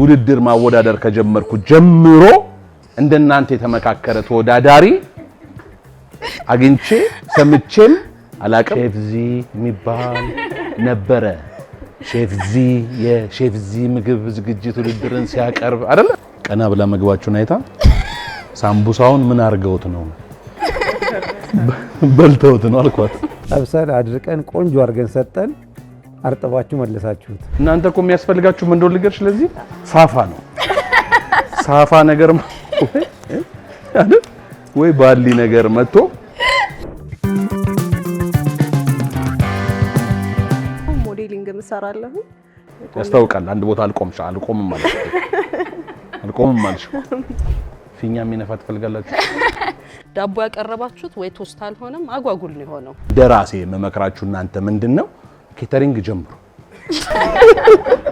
ውድድር ማወዳደር ከጀመርኩ ጀምሮ እንደናንተ የተመካከረ ተወዳዳሪ አግኝቼ ሰምቼም አላቅም። ሼፍዚ የሚባል ነበረ። ሼፍዚ የሼፍዚ ምግብ ዝግጅት ውድድርን ሲያቀርብ አይደለ? ቀና ብላ ምግባችሁን አይታ ሳምቡሳውን ምን አድርገውት ነው በልተውት ነው አልኳት። ጠብሰን አድርቀን ቆንጆ አድርገን ሰጠን። አርጥባችሁ መለሳችሁት። እናንተ እኮ የሚያስፈልጋችሁ ምን እንደሆነ ልንገርሽ፣ ስለዚህ ሳፋ ነው ሳፋ ነገር ወይ ባሊ ነገር መጥቶ ሞዴሊንግ እንሰራለሁ ያስታውቃል። አንድ ቦታ አልቆምሽ አልቆምም ማለት ነው። አልቆምም ማለት ነው። ፊኛ የሚነፋ ትፈልጋላችሁ? ዳቦ ያቀረባችሁት ወይ ቶስት አልሆነም፣ አጓጉል ነው የሆነው። ደራሴ የምመክራችሁ እናንተ ምንድን ነው ከኬተሪንግ ጀምሮ